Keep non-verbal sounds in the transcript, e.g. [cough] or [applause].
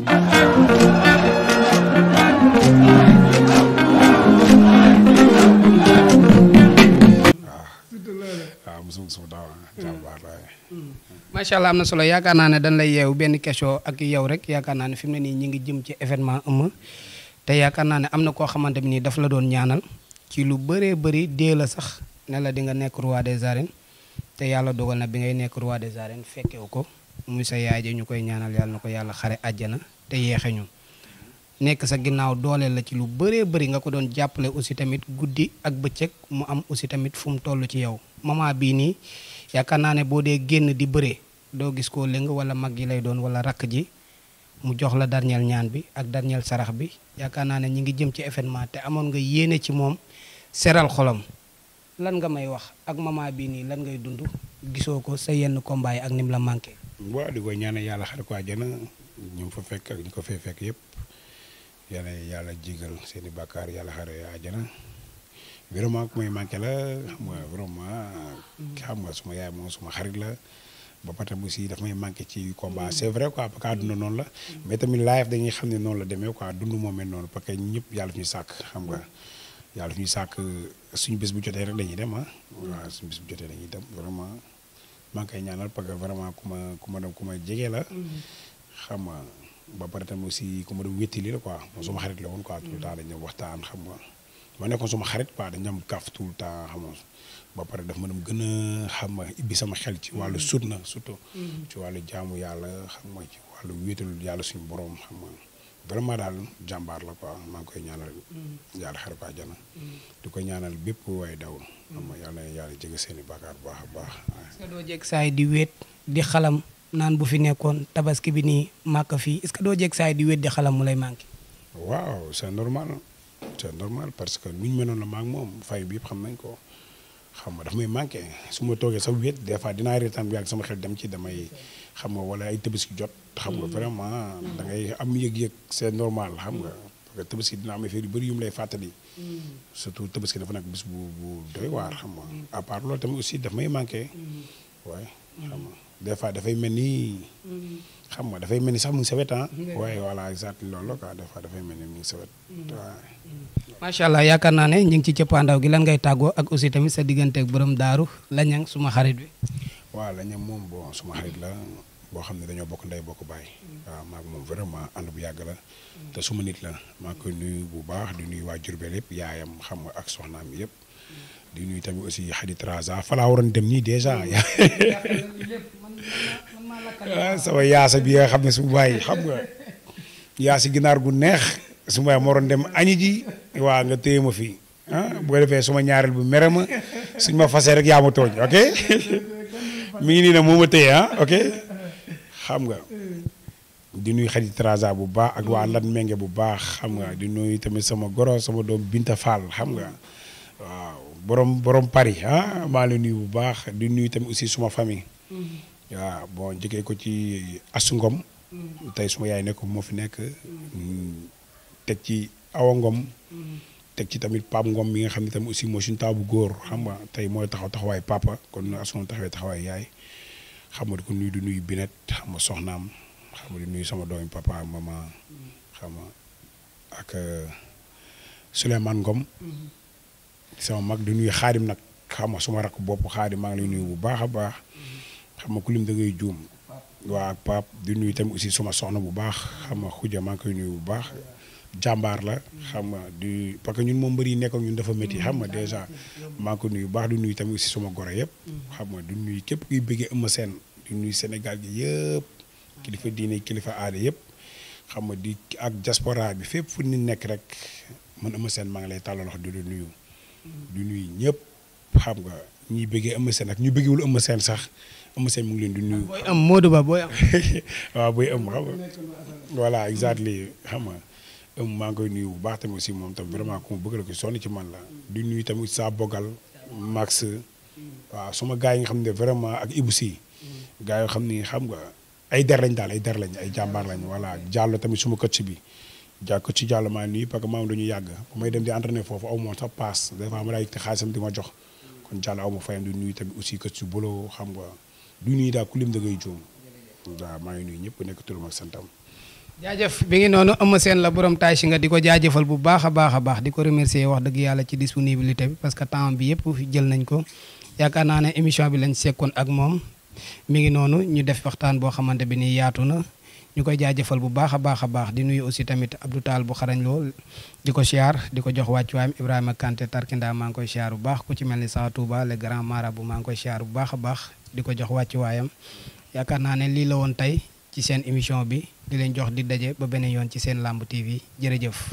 Ah, ah, macha allah am na solo yaakaar naa ne dañ lay yeew benn question ak yow rek yaakaar naa ne fi ne nii ñu ngi jëm ci événement ëmm te yaakaar naa ne am na koo xamante bi nii daf la doon ñaanal ci lu bëree bëri dee sax ne la di nga nekk roi des arènes te yàlla dogal na bi ngay nekk roi des arènes fekkewu ko muy sa yaay ja ñu koy ñaanal yàlla na ko yàlla xare àjjana te yeexe ñu nekk sa ginnaaw doole la ci lu bëree bëri nga ko doon jàppale aussi tamit guddi ak bëccëg mu am aussi tamit fu mu toll ci yow maman bii nii yaakaar naa ne boo dee génn di bëree doo gis koo ling wala mag yi lay doon wala rakk ji mu jox la dernier ñaan bi ak dernier sarax bi yaakaar naa ne ñi ngi jëm ci événement te amoon nga yéene ci moom seral xolom lan nga may wax ak maman bii nii lan ngay dund gisoo ko sa yenn combat ak nim la manqué waaw di ko ñaanal yàlla xar ko àjjana ñu fa fekk ak ñu ko fee fekk yëpp yal na yàlla jigal seeni i yàlla xare àjjana vraiment ku may manqué la xam nga xam nga suma yaay moom suma xarit la ba pare aussi daf may manqué ci combat mm. c'est vrai quoi parce que àdduna noonu la mm. mais tamit live dañuy xam ne noonu la demee quoi dund moo noonu parce que ñëpp yàlla fi ñu sàkk xam nga yàlla fu ñu sàkk suñu bés bu jotee rek dañuy dem ah mm. waaw suñu bés bu jotee dañuy dem vraiment maa ngi koy ñaanal parce vraiment ku ma ku ma dem ku ma jege la. Mm-hmm. xam nga ba pare tam aussi ku ma dem wétali la quoi moom suma xarit la woon quoi tout le temps mm-hmm. dañu waxtaan xam nga ma nekkoon suma xarit quoi dañu am kaf tout le temps xam ba pare daf ma dem gën a xam nga ibbi sama xel ci wàllu mm-hmm. sunna surtout. ci wàllu jaamu yàlla xam nga ci wàllu lu yàlla suñu boroom xam nga. vraiment daal jàmbaar la quoi maa ngi koy ñaanal mm. yàlla xar ba àjjana mm. ko ñaanal bépp waay daw mm. xam nga yàlla yàlla jege seen i bàkkaar bu baax a doo jeeg saay di wéet di xalam naan bu fi nekkoon tabaski bi nii màkk fii est-ce que doo jeeg saay di wéet di xalam mu lay manqué waaw c'est normal c'est normal parce que nuñ meloon la maak moom fay bi yëpp xam nañ ko xam nga daf may manqué su ma toogee sax wéet des fois dinaa reetaan bu yàgg sama xel dem ci damay xam nga wala ay tabaski jot. xam nga hmm. vraiment da ngay am yëg-yëg c'est normal xam nga. Hmm. parce que tabaski dina am affaire yu lay fàttali. Hmm. surtout tabaski dafa nekk bis bu bu doy waar xam nga. à part loolu tamit aussi daf may manqué. waaye des fois dafay mel ni. xam nga dafay mel ni sax mu ngi waaye ah. voilà exact loolu la quoi dafay mel ni mu ngi sa wet. macha allah yaakaar naa ne ñu ngi ci cëppaandaw gi lan ngay tàggoo ak aussi tamit sa diggante ak borom daaru lañang suma xarit bi. waaw lañang moom bon suma xarit la boo xam ne dañoo bokk ndey bokk baay. waaw maag moom vraiment ànd bu yàgg la. te suma nit la maa koy nuy bu baax di nuyu waa Jurbel yépp yaayam xam nga ak bi yépp di nuyu tamit aussi xarit Raza fa laa waroon dem nii dèjà. [laughs] [laughs] Ah, sama yaasa bi yoo xam ne su bàyyi xam nga yaasi ginaar gu neex. su ma moroon dem añi ji waa nga téye ma fi ah bu defee suma ñaareel bu mere ma suñ ma fasee rek yaa ma tooñ ok mi ngi nii nag moo a téye ah xam nga di nuy xarit Traza bu baax ak waa lan bu baax xam nga di nuy tamit sama goro sama doom Binta Fall xam nga waaw borom borom Paris ah maa la nuyu bu baax di nuyu tamit aussi suma famille. waaw bon jëkkee ko ci Asu Ngom. Mm. tey suma yaay nekk moo fi nekk. Mm. Mm. teg ci Awa Ngom. Mm-hmm. teg ci tamit Pape Ngom mi nga xam ne tamit aussi mooy suñu taabu góor xam nga tey mooy taxaw taxawaay papa kon nu asoon taxawee yaay xam nga di ko nuyu di nuyu Binet xam nga soxnaam xam ma di nuyu sama doomi papa mama mm-hmm. xam euh, mm-hmm. sama mag di nuyu xaadim nag xam ma suma rakk bopp xaadim maa ngi nuyu bu baax a baax. xam nga ku lim da juum. waa Pape di nuyu tamit aussi suma soxna bu baax xam nga xuja maa ngi nuyu bu baax. jàmbaar la xam nga du parce que ñun moom mbër yi nekk ñun dafa métti xam nga dèjà maa ngi nuyu baax du nuyu tamit si suma goro yëpp xam nga du nuyu képp kuy bëggee nuyu Sénégal gi yëpp kilifa diine kilifa aada yëpp xam nga di ak diaspora bi fépp fu ñu nekk rek man ëmma seen maa ngi lay tàllal wax di nuyu du nuyu ñëpp xam nga ñuy bëggee ëmma seen ak ñu bëggewul ëmma seen sax ëmma seen mu ngi leen di nuyu. booy am Modou Ba booy am. [laughs] waaw booy am xam nga voilà exactly xam maa ngi koy nuyu bu baax tamit aussi moom tam vraiment ku ma bëgg la ko sonn ci man la di nuyu tamit saa bogal max waaw suma gars yi nga xam ne vraiment ak Ibou Sy gars yoo xam ni xam nga ay der lañ daal ay lañ ay jàmbaar lañ voilà jàllo tamit suma coach bi jàkko ci jàllo maa nuyu parce que maam dañu yàgg may dem di entraîner foofu aw moom sax paas des daa yëg te xaalisam di ma jox kon jàllo aw ma fayam di nuyu aussi coach si bolo xam nga du nuyu daal ku lim da ngay juum maa ngi nuyu ñëpp nekk turam ak santam jaajëf bi ngi noonu Eumeu seen la borom taay si nga di ko jaajëfal bu baax a baax a baax di ko remercier wax dëgg yàlla ci disponibilité bi parce que temps bi yëpp jël nañ ko yaakaar naa ne émission bi lañ sekkoon ak moom mi ngi noonu ñu def waxtaan boo xamante bi ni yaatu na ñu koy jaajëfal bu baax a baax a baax di nuyu aussi tamit Abdou Tall bu xarañ lool di ko siyaar di ko jox wàccuwaayam Ibrahima Kanté Tarkinda maa ngi koy siyaar bu baax ku ci mel ni Saa Touba le grand marabout maa ngi koy siyaar bu baax a baax di ko jox wàccuwaayam yaakaar naa ne lii la woon tey ci seen émission bi li leen jox di daje ba beneen yoon ci seen làmb TV jërëjëf.